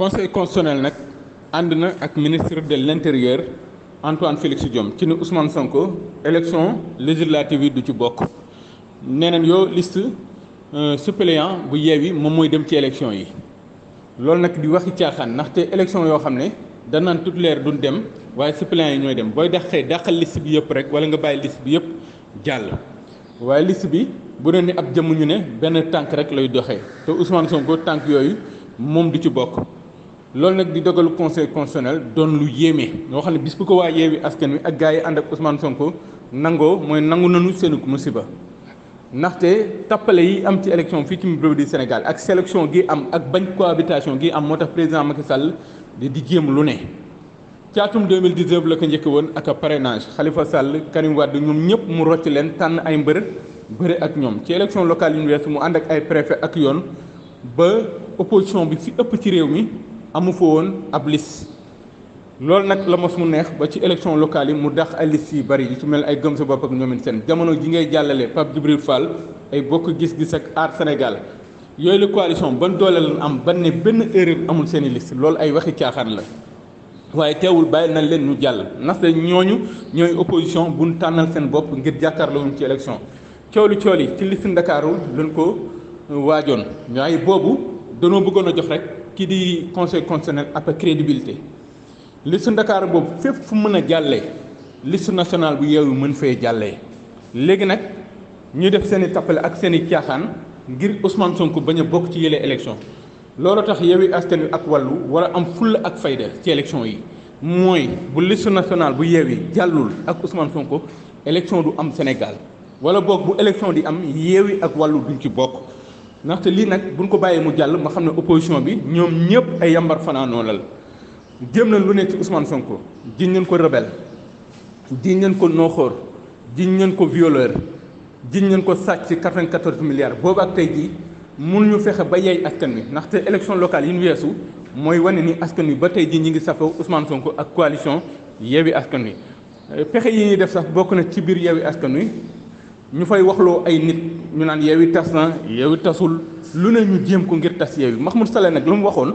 conseil constitutionnel nag ànd na ak ministre de l' intérieur Antoine Félix Diome ci ne Ousmane Sonko élection législative yi du ci bokk nee nañ yow liste euh, suppléant bu Yewwi moom mooy dem ci élection yi loolu nag di waxi caaxaan ndaxte élection yoo xam ne danaan toute l'heure duñ dem waaye suppléant yi ñooy dem booy dàqee dàqal list bi yëpp rek wala nga bàyyi liste bi yëpp jàll waaye list bi bu doon ni ab jëmm ñu ne benn tànk rek lay doxee te Ousmane Sonko tànk yooyu moom du ci bokk. loolu nag di dogalu conseil constitutionnel doon lu yéeme loo xam ne bis bu ko waa yeewi askan wi ak gars yi ànd ak Ousmane Sonko nangoo mooy nangu nanu seenug musiba ndaxte tappale yi am ci élection fii ci bureau di Sénégal ak sélection gi am ak bañ cohabitation gi am moo tax président Macky Sall di di jéem lu ne caatum 2019 la ko njëkk woon ak a parrainage Khalifa Sall Karim Wade ñoom ñëpp mu rocc leen tànn ay mbër bëre ak ñoom ci élection locale yu ñu wees mu ànd ak préfet ak yoon ba opposition bi fi ëpp ci réew mi amu fa woon ab liste loolu nag la mos mu neex ba ci élection locale yi mu dax ay liste yu bari yi su mel ay gëm sa bopp ak ñoomin seen jamono ji ngay jàllale Pape Djibril faal ay bokk gis-gis ak aar Sénégal yooyu la coalition ban doole lañ am ban ne benn erreur amul seen i liste loolu ay waxi caaxaan la waaye teewul bàyyi nañ leen ñu jàll ndax de ñooñu ñooy opposition bu ñu tànnal seen bopp ngir jàkkaarloo wuñ ci élection coolu cool yi ci liste Ndakaaru lañ ko waajoon waaye boobu danoo bëggoon a jox rek. kii di conseil constitutionnel après crédibilité liste ndakaar boobu fépp fu mën a jàllee liste nationale bu yeewu mën fee jàllee léegi nag ñu def seen i tappale ak seen i caaxaan ngir Ousmane Sonko bañ a bokk ci yële élection loolu tax Yewwi Askan Wi ak wàllu war am fulla ak fayda ci élection yi mooy bu liste nationale bu Yewwi jàllul ak Ousmane Sonko élection du am Sénégal wala boog bu élection di am Yewwi ak wàllu duñ ci bokk ndaxte lii nag buñ ko bàyyee mu jàll ma xam ne opposition bi ñoom ñëpp ay yambar fanaanoo lal jéem nañ lu ne ci Ousmane Sonko jiñ nañ ko rebelle jiñ nañ ko nooxoor jiñ nañ ko violeur jiñ nañ ko sàcc 94 milliards boobu ak tey jii mënuñu fexe ba yey askan wi ndaxte élection locale yi ñu weesu mooy wane ni askan wi ba tey jii ñi ngi safoo Ousmane Sonko ak coalition Yewwi Askan Wi. pexe yi ñuy def sax bokk na ci biir Yewwi Askan Wi ñu fay waxloo ay nit. ñu naan Yewwi tas na Yewwi tasul lu ne ñu jéem ko ngir tas Yewwi Mahmoud sale nag lu mu waxoon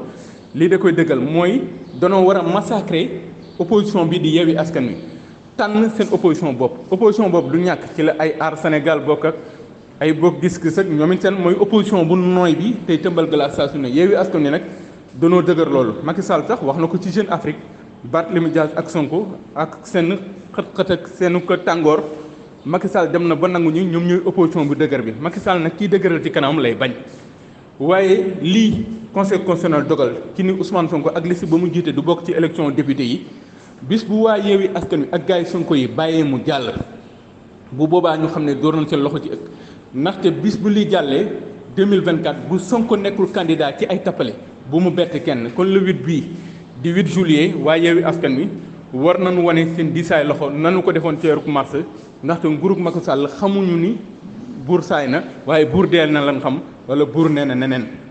lii da koy dëggal mooy danoo war a massacrer opposition bi di Yewwi askan wi tànn seen opposition bopp opposition bopp du ñàkk ci la ay aar Sénégal bokk ak ay bokk gis-gis ak ñoom it seen mooy opposition bu nooy bi tey tëmbal glace saa su ne Yewwi askan yi nag danoo dëgër loolu Macky Sall sax wax na ko ci Jeune Afrique Barthélémy Dias ak Sonko ak seen xët-xët ak seen ko tàngoor Macky Sall dem na ba nangu ñu ñoom ñooy opposition bu dëgër bi Macky Sall nag kii dëgëral ci kanamam lay bañ waaye lii conseil constitutionnel dogal ci ni Ousmane Sonko ak liste ba mu jiite du bokk ci élection député yi bis bu waa yeewi askan wi ak gars yi Sonko yi bàyyee mu jàll bu boobaa ñu xam ne door nañ seen loxo ci ëkk ndaxte bis bu lii jàllee 2024 bu Sonko nekkul candidat ci ay tappale bu mu bett kenn kon le 8 bii di 8 juillet waa askan wi war nañu wane seen diisaay loxo nanu ko defoon ci weeru mars ndaxte nguurug Macky Sall xamuñu ni buur saay na waaye buur deel na lan xam wala buur nee na neneen